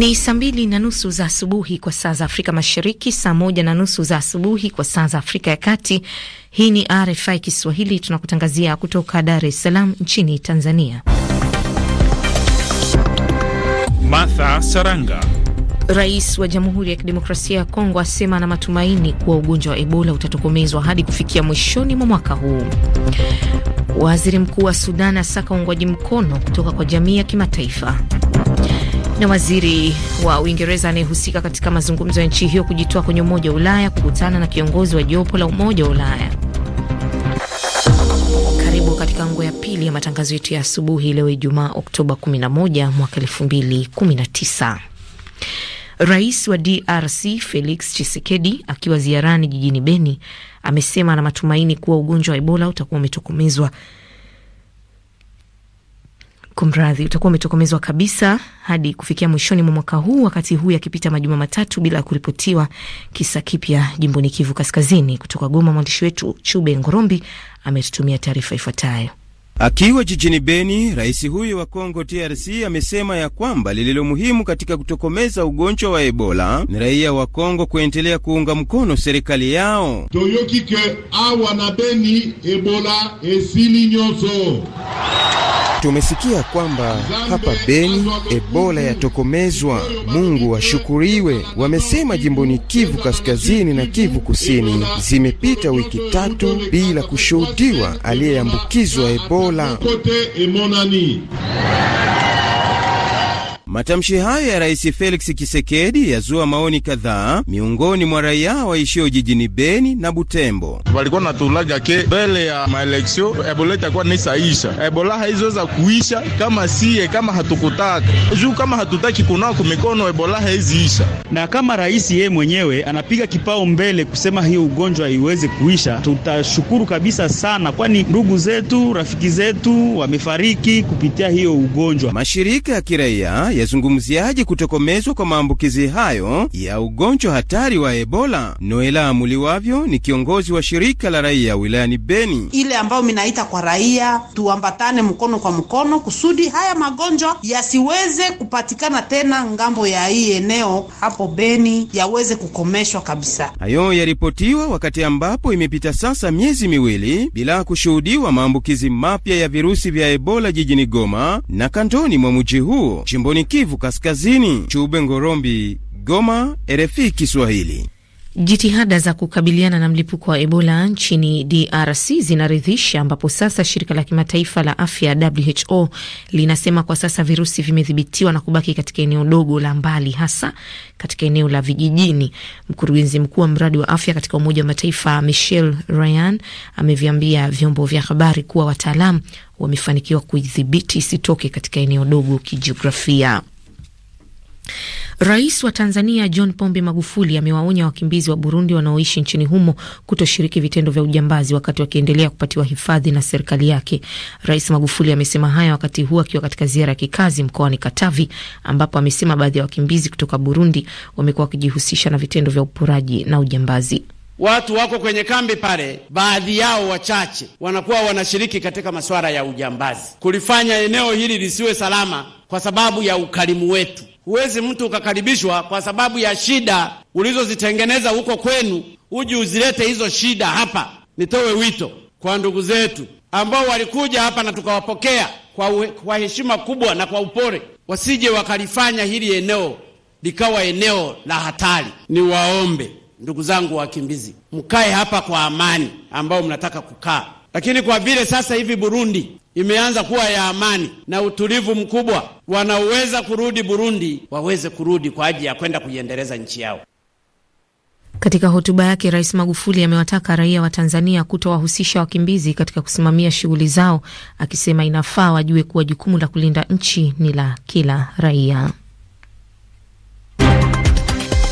Ni saa mbili na nusu za asubuhi kwa saa za Afrika Mashariki, saa moja na nusu za asubuhi kwa saa za Afrika ya Kati. Hii ni RFI Kiswahili, tunakutangazia kutoka Dar es Salaam nchini Tanzania. Martha Saranga. Rais wa Jamhuri ya Kidemokrasia ya Kongo asema ana matumaini kuwa ugonjwa wa Ebola utatokomezwa hadi kufikia mwishoni mwa mwaka huu. Waziri Mkuu wa Sudan asaka uungwaji mkono kutoka kwa jamii ya kimataifa na waziri wa Uingereza anayehusika katika mazungumzo ya nchi hiyo kujitoa kwenye Umoja wa Ulaya kukutana na kiongozi wa jopo la Umoja wa Ulaya. Karibu katika nguo ya pili ya matangazo yetu ya asubuhi leo Ijumaa Oktoba 11 mwaka 2019. Rais wa DRC Felix Tshisekedi akiwa ziarani jijini Beni amesema ana matumaini kuwa ugonjwa wa Ebola utakuwa umetokomezwa kumradhi, utakuwa umetokomezwa kabisa hadi kufikia mwishoni mwa mwaka huu, wakati huu yakipita majuma matatu bila ya kuripotiwa kisa kipya jimboni Kivu Kaskazini. Kutoka Goma, mwandishi wetu Chube Ngorombi ametutumia taarifa ifuatayo. Akiwa jijini Beni, rais huyo wa Kongo trc amesema ya kwamba lililo muhimu katika kutokomeza ugonjwa wa Ebola ni raia wa Kongo kuendelea kuunga mkono serikali yao. toyokike awa na Beni Ebola esili nyoso Tumesikia kwamba hapa Beni Ebola yatokomezwa, Mungu washukuriwe, wamesema jimboni Kivu Kaskazini na Kivu Kusini. Zimepita wiki tatu bila kushuhudiwa aliyeambukizwa Ebola côté et mon ami. Matamshi hayo ya Rais Felix Tshisekedi yazua maoni kadhaa miongoni mwa raia waishio jijini Beni na Butembo. walikuwa natulaga ke mbele ya maeleksio Ebola itakuwa nisaisha. Ebola haizoweza kuisha kama siye, kama hatukutaka juu, kama hatutaki kunao kumikono, Ebola haiziisha. Na kama rais yeye mwenyewe anapiga kipao mbele kusema hiyo ugonjwa iweze kuisha, tutashukuru kabisa sana, kwani ndugu zetu, rafiki zetu wamefariki kupitia hiyo ugonjwa. Mashirika ya kiraia yazungumziaje kutokomezwa kwa maambukizi hayo ya ugonjwa hatari wa Ebola? Noela Amuliwavyo ni kiongozi wa shirika la raia wilayani Beni. Ile ambayo minaita kwa raia, tuambatane mkono kwa mkono kusudi haya magonjwa yasiweze kupatikana tena ngambo ya hii eneo hapo Beni, yaweze kukomeshwa kabisa. Hayo yaripotiwa wakati ambapo imepita sasa miezi miwili bila kushuhudiwa maambukizi mapya ya virusi vya Ebola jijini Goma na kantoni mwa mji huo jimboni Kivu Kaskazini. Chube Ngorombi, Goma, RFI Kiswahili. Jitihada za kukabiliana na mlipuko wa Ebola nchini DRC zinaridhisha, ambapo sasa shirika la kimataifa la afya WHO linasema kwa sasa virusi vimedhibitiwa na kubaki katika eneo dogo la mbali, hasa katika eneo la vijijini. Mkurugenzi mkuu wa mradi wa afya katika Umoja wa Mataifa michel Ryan ameviambia vyombo vya habari kuwa wataalam wamefanikiwa kuidhibiti isitoke katika eneo dogo kijiografia. Rais wa Tanzania John Pombe Magufuli amewaonya wakimbizi wa Burundi wanaoishi nchini humo kutoshiriki vitendo vya ujambazi wakati wakiendelea kupatiwa hifadhi na serikali yake. Rais Magufuli amesema haya wakati huu akiwa katika ziara ya kikazi mkoani Katavi, ambapo amesema baadhi ya wakimbizi kutoka Burundi wamekuwa wakijihusisha na vitendo vya uporaji na ujambazi watu wako kwenye kambi pale, baadhi yao wachache wanakuwa wanashiriki katika masuala ya ujambazi, kulifanya eneo hili lisiwe salama kwa sababu ya ukarimu wetu. Huwezi mtu ukakaribishwa kwa sababu ya shida ulizozitengeneza huko kwenu, uji uzilete hizo shida hapa. Nitowe wito kwa ndugu zetu ambao walikuja hapa na tukawapokea kwa, kwa heshima kubwa na kwa upole, wasije wakalifanya hili eneo likawa eneo la hatari. Niwaombe ndugu zangu wakimbizi, mkae hapa kwa amani ambao mnataka kukaa, lakini kwa vile sasa hivi Burundi imeanza kuwa ya amani na utulivu mkubwa, wanaoweza kurudi Burundi waweze kurudi kwa ajili ya kwenda kuiendeleza nchi yao. Katika hotuba yake, Rais Magufuli amewataka raia wa Tanzania kutowahusisha wakimbizi katika kusimamia shughuli zao, akisema inafaa wajue kuwa jukumu la kulinda nchi ni la kila raia.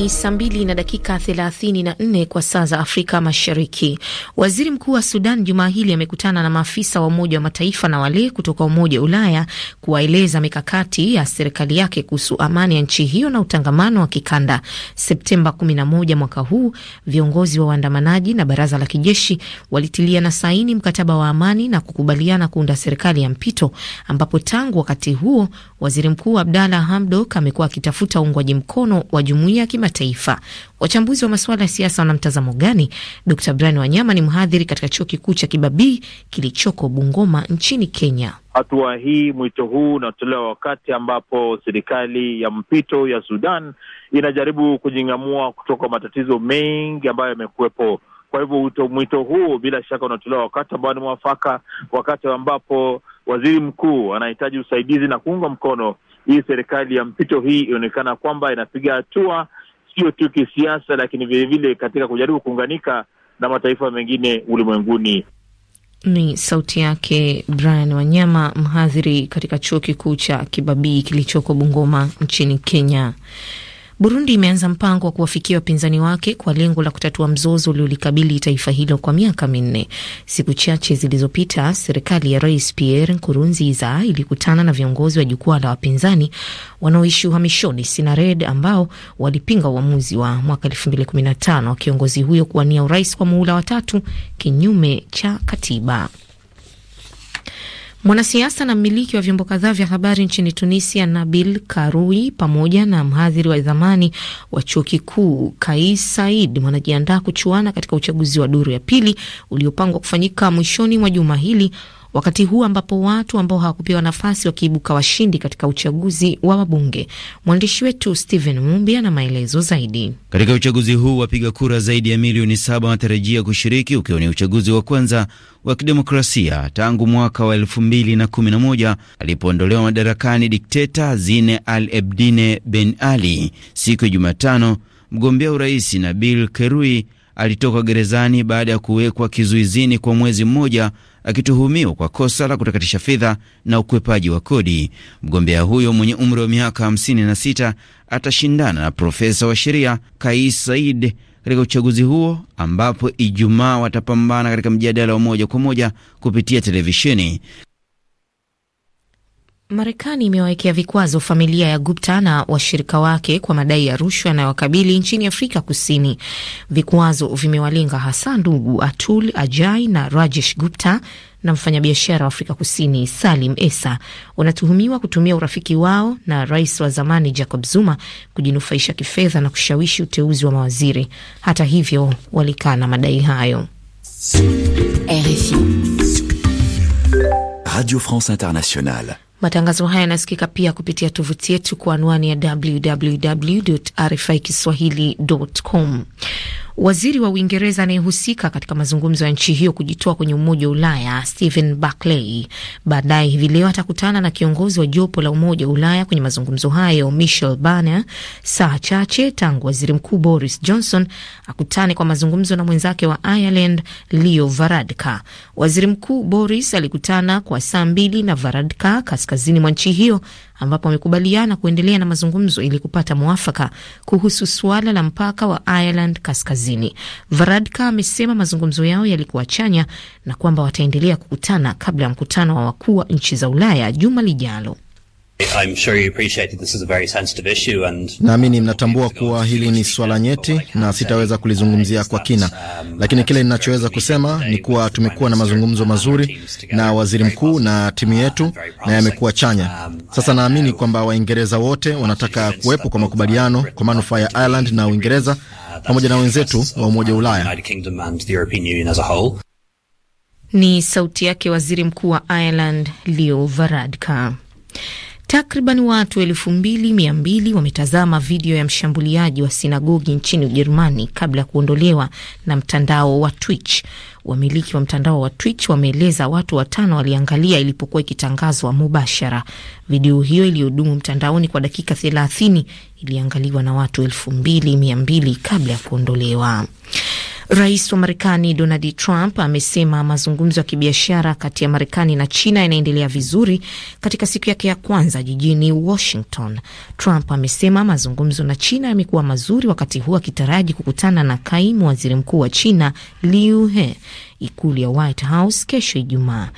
Ni saa mbili na dakika 34 kwa saa za Afrika Mashariki. Waziri Mkuu wa Sudan jumaa hili amekutana na maafisa wa Umoja wa Mataifa na wale kutoka Umoja wa Ulaya kuwaeleza mikakati ya serikali yake kuhusu amani ya nchi hiyo na utangamano wa kikanda. Septemba 11 mwaka huu, viongozi wa waandamanaji na baraza la kijeshi walitilia na saini mkataba wa amani na kukubaliana kuunda serikali ya mpito, ambapo tangu wakati huo waziri mkuu Abdalla Hamdok amekuwa akitafuta uungwaji mkono wa jumuiya kimataifa. Wachambuzi wa masuala ya siasa wana mtazamo gani? Dkt Brian Wanyama ni mhadhiri katika chuo kikuu cha Kibabii kilichoko Bungoma nchini Kenya. Hatua hii, mwito huu unatolewa wakati ambapo serikali ya mpito ya Sudan inajaribu kujing'amua kutoka matatizo mengi ambayo yamekuwepo. Kwa hivyo mwito huu bila shaka unatolewa wakati ambao ni mwafaka, wakati ambapo waziri mkuu anahitaji usaidizi na kuunga mkono hii serikali ya mpito hii, inaonekana kwamba inapiga hatua sio tu kisiasa, lakini vilevile katika kujaribu kuunganika na mataifa mengine ulimwenguni. Ni sauti yake Brian Wanyama, mhadhiri katika chuo kikuu cha Kibabii kilichoko Bungoma nchini Kenya. Burundi imeanza mpango wa kuwafikia wapinzani wake kwa lengo la kutatua mzozo uliolikabili taifa hilo kwa miaka minne. Siku chache zilizopita, serikali ya Rais Pierre Nkurunziza ilikutana na viongozi wa jukwaa la wapinzani wanaoishi uhamishoni Sinared, ambao walipinga uamuzi wa mwaka 2015 wa kiongozi huyo kuwania urais kwa muhula watatu kinyume cha katiba. Mwanasiasa na mmiliki wa vyombo kadhaa vya habari nchini Tunisia, Nabil karui pamoja na mhadhiri wa zamani wa chuo kikuu Kais Said wanajiandaa kuchuana katika uchaguzi wa duru ya pili uliopangwa kufanyika mwishoni mwa juma hili wakati huu ambapo watu ambao hawakupewa nafasi wakiibuka washindi katika uchaguzi wa wabunge. Mwandishi wetu stehen Mumbi ana maelezo zaidi. Katika uchaguzi huu wapiga kura zaidi ya milioni saba wanatarajia kushiriki, ukiwa ni uchaguzi wa kwanza wa kidemokrasia tangu mwaka wa elfu mbili na kumi na moja alipoondolewa madarakani dikteta Zine Al Ebdine Ben Ali. Siku ya Jumatano, mgombea urais Nabil Kerui alitoka gerezani baada ya kuwekwa kizuizini kwa mwezi mmoja akituhumiwa kwa kosa la kutakatisha fedha na ukwepaji wa kodi. Mgombea huyo mwenye umri wa miaka 56 atashindana na profesa wa sheria Kais Said katika uchaguzi huo ambapo Ijumaa watapambana katika mjadala wa moja kwa moja kupitia televisheni. Marekani imewawekea vikwazo familia ya Gupta na washirika wake kwa madai ya rushwa yanayowakabili nchini Afrika Kusini. Vikwazo vimewalenga hasa ndugu Atul Ajai na Rajesh Gupta na mfanyabiashara wa Afrika Kusini Salim esa Wanatuhumiwa kutumia urafiki wao na rais wa zamani Jacob Zuma kujinufaisha kifedha na kushawishi uteuzi wa mawaziri. Hata hivyo, walikana madai hayo. RFI Radio France Internationale Matangazo haya yanasikika pia kupitia tovuti yetu kwa anwani ya www rfi kiswahili com Waziri wa Uingereza anayehusika katika mazungumzo ya nchi hiyo kujitoa kwenye Umoja wa Ulaya Stephen Barclay baadaye hivi leo atakutana na kiongozi wa jopo la Umoja wa Ulaya kwenye mazungumzo hayo Michel Barnier, saa chache tangu waziri mkuu Boris Johnson akutane kwa mazungumzo na mwenzake wa Ireland Leo varadka Waziri Mkuu Boris alikutana kwa saa mbili na varadka kaskazini mwa nchi hiyo ambapo wamekubaliana kuendelea na mazungumzo ili kupata mwafaka kuhusu suala la mpaka wa Ireland Kaskazini. Varadkar amesema mazungumzo yao yalikuwa chanya na kwamba wataendelea kukutana kabla ya mkutano wa wakuu wa nchi za Ulaya juma lijalo. I'm sure you appreciate this is a very sensitive issue and... Naamini uh, mnatambua kuwa hili ni swala nyeti na sitaweza kulizungumzia kwa kina, um, lakini kile ninachoweza kusema ni kuwa tumekuwa na mazungumzo mazuri na waziri mkuu na timu um, yetu na yamekuwa chanya. Um, Sasa naamini kwamba Waingereza wote wanataka kuwepo kwa makubaliano kwa manufaa ya Ireland na Uingereza uh, pamoja na wenzetu wa Umoja wa Ulaya. Ni sauti yake waziri mkuu wa Ireland Leo Varadkar. Takriban watu elfu mbili mia mbili wametazama video ya mshambuliaji wa sinagogi nchini Ujerumani kabla ya kuondolewa na mtandao wa Twitch. Wamiliki wa mtandao wa Twitch wameeleza watu watano waliangalia ilipokuwa ikitangazwa mubashara. Video hiyo iliyodumu mtandaoni kwa dakika thelathini iliangaliwa na watu elfu mbili mia mbili kabla ya kuondolewa. Rais wa Marekani Donald Trump amesema mazungumzo ya kibiashara kati ya Marekani na China yanaendelea vizuri katika siku yake ya kwanza jijini Washington. Trump amesema mazungumzo na China yamekuwa mazuri, wakati huu akitaraji kukutana na kaimu waziri mkuu wa China Liu He ikulu ya White House kesho Ijumaa.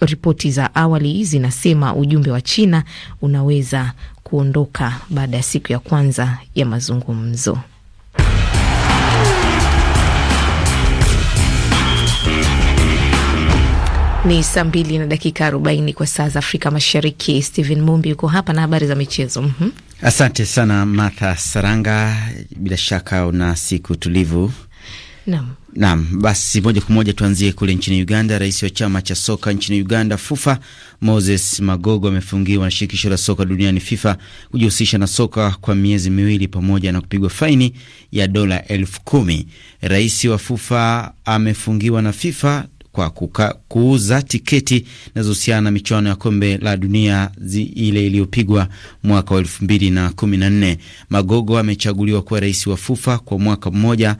Ripoti za awali zinasema ujumbe wa China unaweza kuondoka baada ya siku ya kwanza ya mazungumzo. Ni saa mbili na dakika arobaini kwa saa za Afrika Mashariki. Stephen Mumbi yuko hapa na habari za michezo. mm -hmm. Asante sana Martha Saranga, bila shaka una siku tulivu. Naam. Naam, basi moja kwa moja tuanzie kule nchini Uganda. Rais wa chama cha soka nchini Uganda FUFA, Moses Magogo amefungiwa na shirikisho la soka duniani FIFA kujihusisha na soka kwa miezi miwili pamoja na kupigwa faini ya dola elfu kumi. Rais wa FUFA amefungiwa na FIFA kwa kuka, kuuza tiketi zinazohusiana na michuano ya kombe la dunia zi, ile iliyopigwa mwaka wa elfu mbili na kumi na nne. Magogo amechaguliwa kuwa rais wa FUFA kwa mwaka mmoja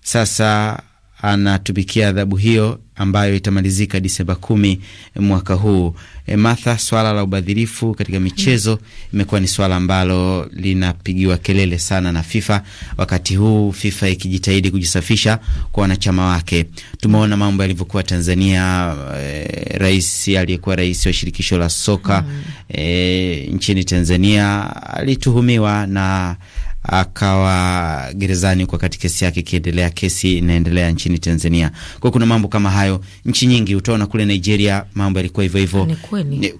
sasa, anatumikia adhabu hiyo ambayo itamalizika Disemba kumi mwaka huu. E, Martha, swala la ubadhirifu katika michezo imekuwa ni swala ambalo linapigiwa kelele sana na FIFA, wakati huu FIFA ikijitahidi kujisafisha kwa wanachama wake. Tumeona mambo yalivyokuwa Tanzania, e, rais aliyekuwa rais wa shirikisho la soka mm, e, nchini Tanzania alituhumiwa na akawa gerezani kwa kati kesi yake ikiendelea, kesi inaendelea nchini Tanzania. Kwa kuna mambo kama hayo nchi nyingi, utaona kule Nigeria mambo yalikuwa hivyo hivyo.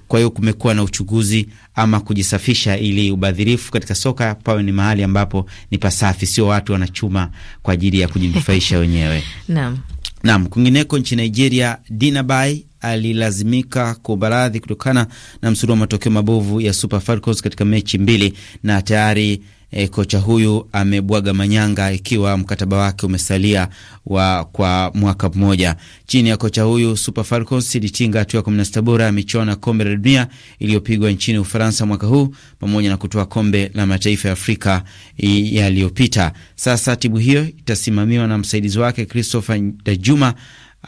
Kwa hiyo kumekuwa na uchuguzi ama kujisafisha, ili ubadhirifu katika soka pawe ni mahali ambapo ni pasafi, sio watu wanachuma kwa ajili ya kujinufaisha wenyewe. Naam. Naam, kwingineko nchi Nigeria, Dinabai alilazimika kubaradhi kutokana na msururu wa matokeo mabovu ya Super Falcons katika mechi mbili na tayari E, kocha huyu amebwaga manyanga ikiwa mkataba wake umesalia wa kwa mwaka mmoja. Chini ya kocha huyu Super Falcons ilitinga hatua ya 16 bora ya michuano ya kombe la dunia iliyopigwa nchini Ufaransa mwaka huu pamoja na kutoa kombe la mataifa ya Afrika yaliyopita. Sasa timu hiyo itasimamiwa na msaidizi wake Christopher Dajuma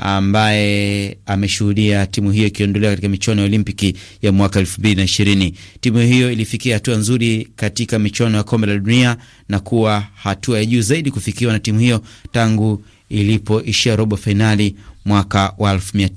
ambaye ameshuhudia timu hiyo ikiondolewa katika michuano ya Olimpiki ya mwaka ishirini. Timu hiyo ilifikia hatua nzuri katika michuano ya kombe la dunia na kuwa hatua ya juu zaidi kufikiwa na timu hiyo tangu ilipoishia robo fainali mwaka wa na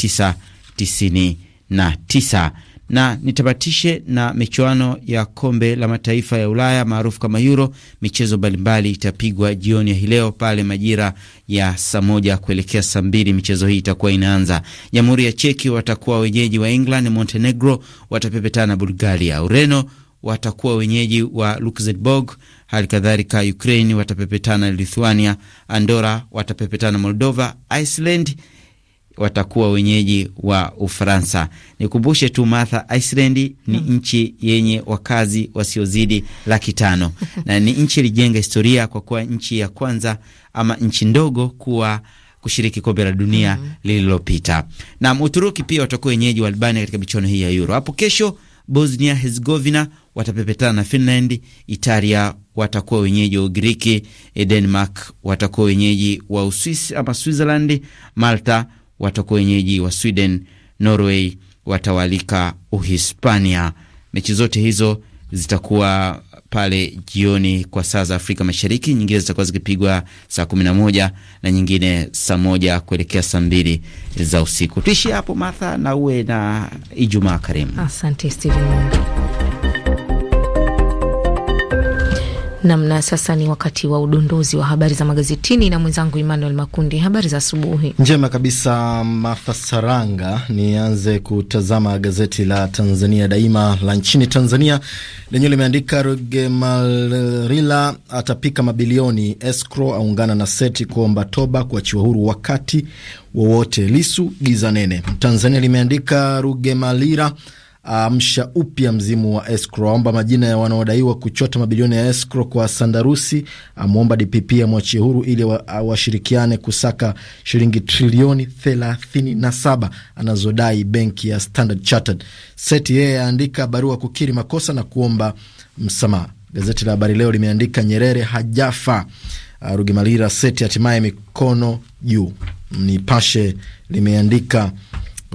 tisa na nitabatishe na michuano ya kombe la mataifa ya Ulaya maarufu kama Euro. Michezo mbalimbali itapigwa jioni ya leo pale majira ya saa moja kuelekea saa mbili. Michezo hii itakuwa inaanza. Jamhuri ya Cheki watakuwa wenyeji wa England, Montenegro watapepetana na Bulgaria, Ureno watakuwa wenyeji wa Luxembourg, hali kadhalika Ukraine watapepetana na Lithuania, Andora watapepetana Moldova, Iceland watakuwa wenyeji wa Ufaransa. Nikumbushe tu Martha, Iceland ni mm. nchi yenye wakazi wasiozidi laki tano na ni nchi ilijenga historia kwa kuwa nchi ya kwanza ama nchi ndogo kuwa kushiriki kombe la dunia mm. lililopita. Na Uturuki pia watakuwa wenyeji wa Albania katika michuano hii ya Euro hapo kesho. Bosnia Herzegovina watapepetana na Finland. Italia watakuwa wenyeji wa Ugiriki. Denmark watakuwa wenyeji wa Uswisi ama Switzerland. Malta watakuwa wenyeji wa Sweden. Norway watawalika Uhispania. Mechi zote hizo zitakuwa pale jioni kwa saa za Afrika Mashariki, nyingine zitakuwa zikipigwa saa kumi na moja na nyingine saa moja kuelekea saa mbili za usiku. Tuishi hapo Martha, na uwe na Ijumaa karimu. Asante Steven. Namna sasa ni wakati wa udondozi wa habari za magazetini na mwenzangu Emmanuel Makundi. Habari za asubuhi njema kabisa, Mafasaranga. Nianze kutazama gazeti la Tanzania Daima la nchini Tanzania lenyewe limeandika Rugemalila atapika mabilioni, escrow aungana na seti kuomba toba, kuachiwa huru wakati wowote, Lisu giza nene. Tanzania limeandika Rugemalira amsha um, upya mzimu wa escrow, aomba majina ya wanaodaiwa kuchota mabilioni ya escrow kwa Sandarusi. Amwomba DPP amwachie huru ili washirikiane wa kusaka shilingi trilioni 37 anazodai benki ya Standard Chartered. Seti yeye aandika barua kukiri makosa na kuomba msamaha. Gazeti la Habari Leo limeandika Nyerere hajafa, uh, Rugimalira Seti hatimaye mikono juu. Nipashe limeandika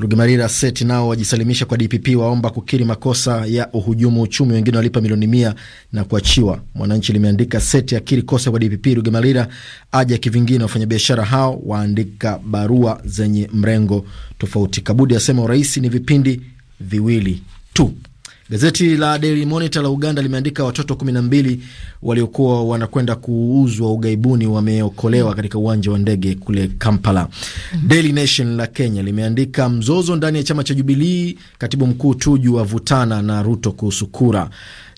Rugemalira Seti nao wajisalimisha kwa DPP, waomba kukiri makosa ya uhujumu uchumi, wengine walipa milioni mia na kuachiwa. Mwananchi limeandika Seti akiri kosa kwa DPP, Rugemalira aja kivingine, wafanyabiashara hao waandika barua zenye mrengo tofauti. Kabudi asema urais ni vipindi viwili tu. Gazeti la Daily Monitor la Uganda limeandika watoto kumi na mbili waliokuwa wanakwenda kuuzwa ugaibuni wameokolewa katika uwanja wa ndege kule Kampala. Mhm. Daily Nation la Kenya limeandika mzozo ndani ya chama cha jubilii katibu mkuu Tuju avutana na Ruto kuhusu kura.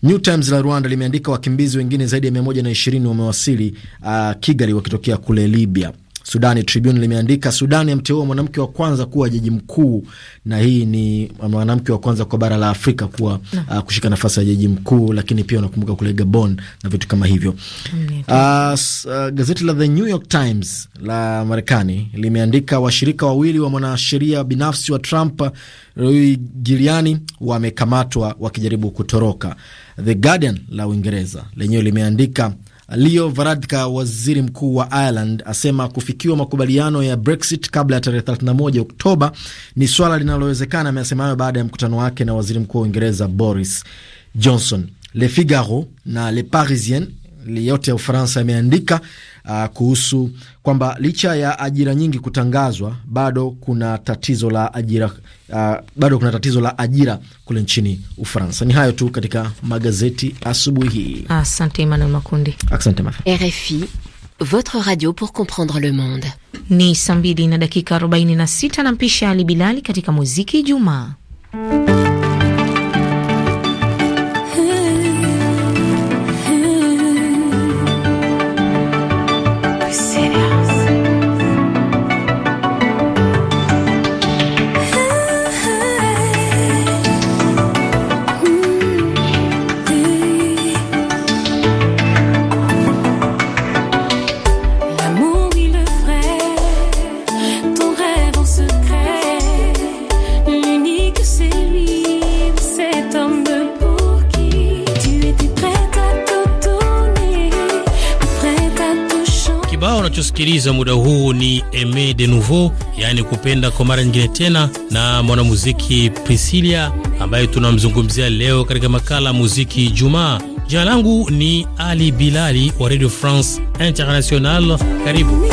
New Times la Rwanda limeandika wakimbizi wengine zaidi ya 120 wamewasili uh, Kigali wakitokea kule Libya. Sudani Tribune limeandika Sudani amteua mwanamke wa kwanza kuwa jaji mkuu, na hii ni mwanamke wa kwanza kwa bara la Afrika kuwa no. uh, kushika nafasi ya jaji mkuu, lakini pia unakumbuka kule Gabon na vitu kama hivyo mm, uh, uh, gazeti la The New York Times la Marekani limeandika washirika wawili wa, wa mwanasheria binafsi wa Trump Rui Giuliani wamekamatwa wakijaribu kutoroka. The Guardian la Uingereza lenyewe limeandika Leo varadka waziri mkuu wa Ireland, asema kufikiwa makubaliano ya Brexit kabla ya tarehe 31 Oktoba ni swala linalowezekana. Amesema hayo baada ya mkutano wake na waziri mkuu wa Uingereza Boris Johnson. Le Figaro na Le Parisien yote ya Ufaransa yameandika uh, kuhusu kwamba licha ya ajira nyingi kutangazwa bado kuna tatizo la ajira, uh, bado kuna tatizo la ajira kule nchini Ufaransa. Ni hayo tu katika magazeti asubuhi hii. Asante Emmanuel Makundi. Asante RFI, votre radio pour comprendre le monde. Ni saa mbili na dakika 46 na mpisha Ali Bilali katika muziki Jumaa. kusikiliza muda huu ni Aime de Nouveau, yaani kupenda kwa mara nyingine tena, na mwanamuziki Priscilla ambaye tunamzungumzia leo katika makala Muziki jumaa Jina langu ni Ali Bilali wa Radio France International. Karibu.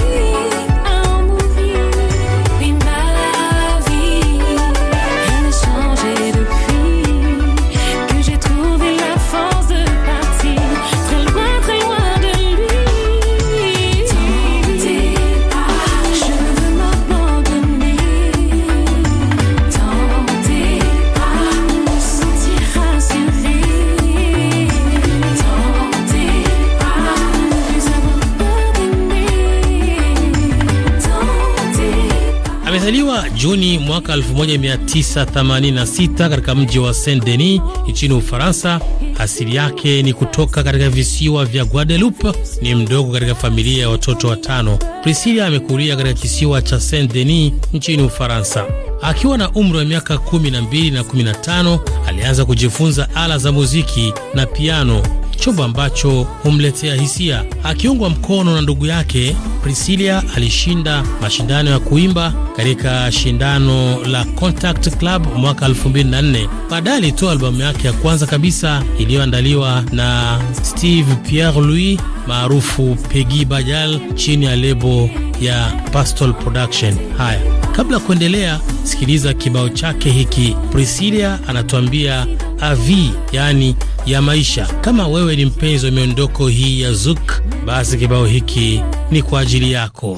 Juni mwaka 1986 katika mji wa Saint Denis nchini Ufaransa. Asili yake ni kutoka katika visiwa vya Guadeloupe. Ni mdogo katika familia ya watoto watano. Priscilla amekulia katika kisiwa cha Saint Denis nchini Ufaransa. Akiwa na umri wa miaka 12 na 15 alianza kujifunza ala za muziki na piano chombo ambacho humletea hisia. Akiungwa mkono na ndugu yake prisilia alishinda mashindano ya kuimba katika shindano la Contact Club mwaka 2004. Baadaye alitoa albamu yake ya kwanza kabisa iliyoandaliwa na Steve Pierre Louis maarufu Peggy Bajal chini ya lebo ya Pastol Production. Haya, kabla ya kuendelea, sikiliza kibao chake hiki. prisilia anatuambia avi yaani ya maisha. Kama wewe ni mpenzi wa miondoko hii ya Zouk, basi kibao hiki ni kwa ajili yako.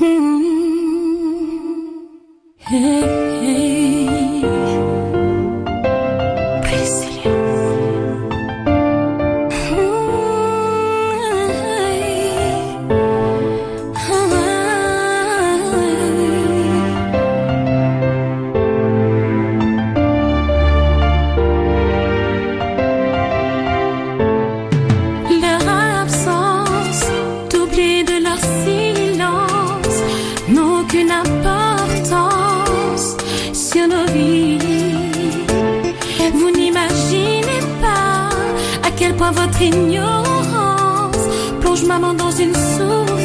Hey, hey. So.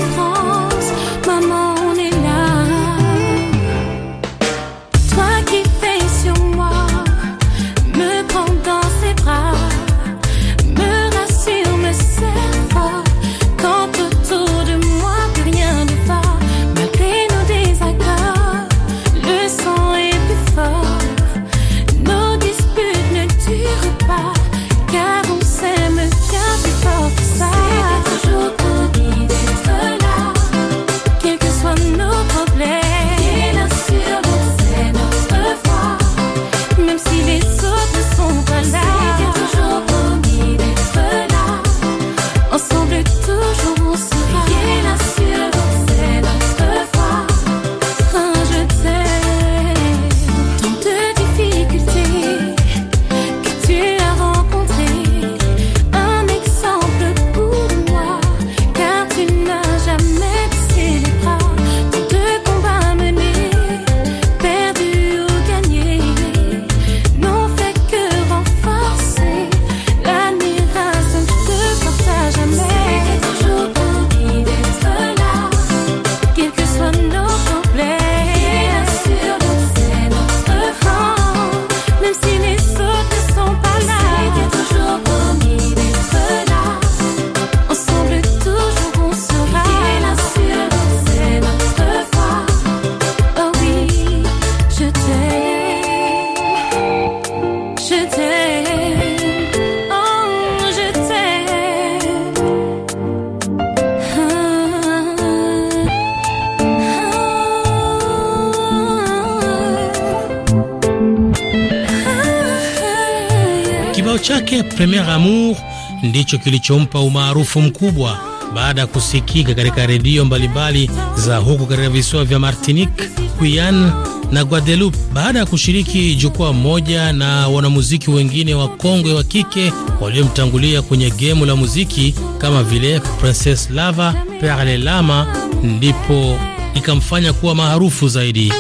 Kibao chake Premier Amour ndicho kilichompa umaarufu mkubwa baada ya kusikika katika redio mbalimbali za huku katika visiwa vya Martinique, Guyane na Guadeloupe baada ya kushiriki jukwaa moja na wanamuziki wengine wa kongwe wa kike waliomtangulia kwenye gemu la muziki kama vile Princess Lava, Perle Lama, ndipo ikamfanya kuwa maarufu zaidi.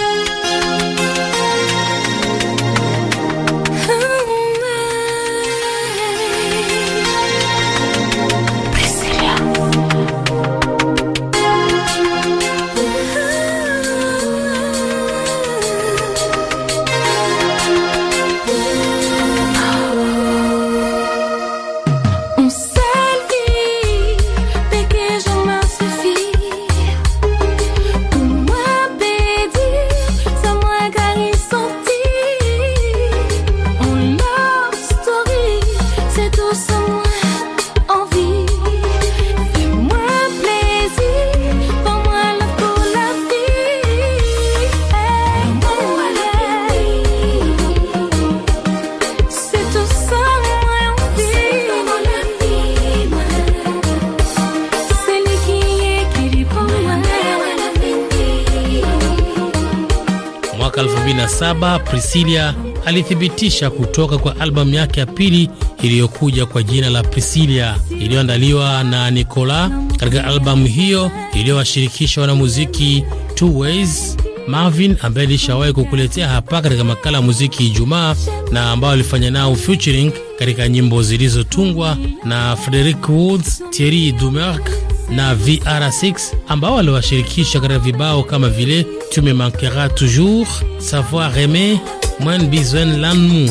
saba Priscilla alithibitisha kutoka kwa albamu yake ya pili iliyokuja kwa jina la Priscilia iliyoandaliwa na Nicola. Katika albamu hiyo iliyowashirikisha wanamuziki Two Ways Marvin ambaye alishawahi kukuletea hapa katika makala ya muziki Ijumaa na ambayo alifanya nao featuring katika nyimbo zilizotungwa na Frederick Woods, Thierry Dumerc na VR6 ambao waliwashirikisha katika vibao kama vile tu me manqueras toujours, savoir aimer, mwen bizwen lanmu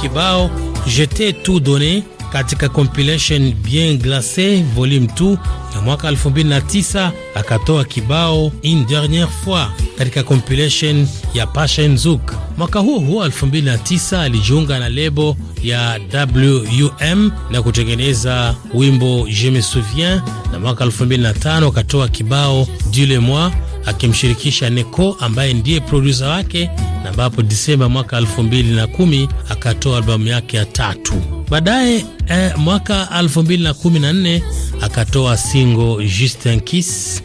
kibao Jete tu done katika compilation Bien Glace volume 2 ya mwaka 2009. Akatoa kibao Une Derniere Fois katika compilation ya Passion Zouk. Mwaka huo huo 2009 alijiunga na lebo ya WUM na kutengeneza wimbo Je me souviens, na mwaka 2005 akatoa kibao Dis-le-moi akimshirikisha Neko ambaye ndiye produsa wake na ambapo Disemba mwaka 2010 akatoa albamu yake ya tatu. Baadaye eh, mwaka 2014 akatoa singo Justin Kiss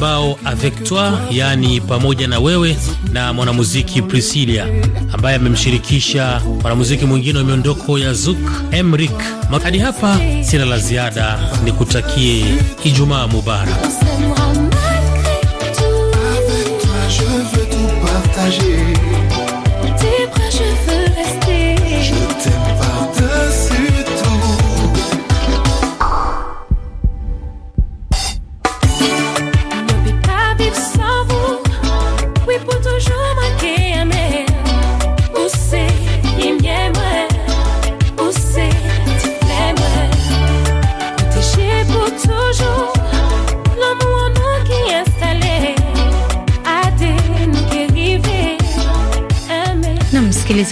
kibao Avec Toi, yaani pamoja na wewe, na mwanamuziki Priscilla ambaye amemshirikisha mwanamuziki mwingine wa miondoko ya Zouk Emric. Hadi hapa sina la ziada, nikutakie Ijumaa mubarak.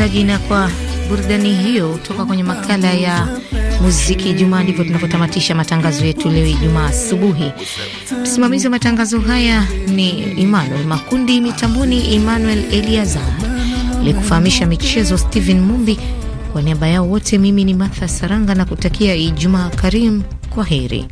msikilizaji, na kwa burudani hiyo kutoka kwenye makala ya muziki Ijumaa, ndipo tunapotamatisha matangazo yetu leo Ijumaa asubuhi. Msimamizi wa matangazo haya ni Emmanuel Makundi, mitambuni Emmanuel Eliazar, alikufahamisha michezo Steven Mumbi. Kwa niaba yao wote, mimi ni Martha Saranga na kutakia Ijumaa karimu. Kwa heri.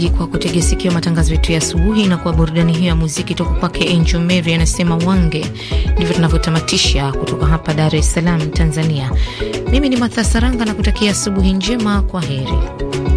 msikilizaji kwa kutegea sikio matangazo yetu ya asubuhi na kwa burudani hiyo ya muziki toka kwake Angel Mary anasema wange. Ndivyo tunavyotamatisha kutoka hapa Dar es Salaam, Tanzania. Mimi ni Matha Saranga na kutakia asubuhi njema. Kwa heri.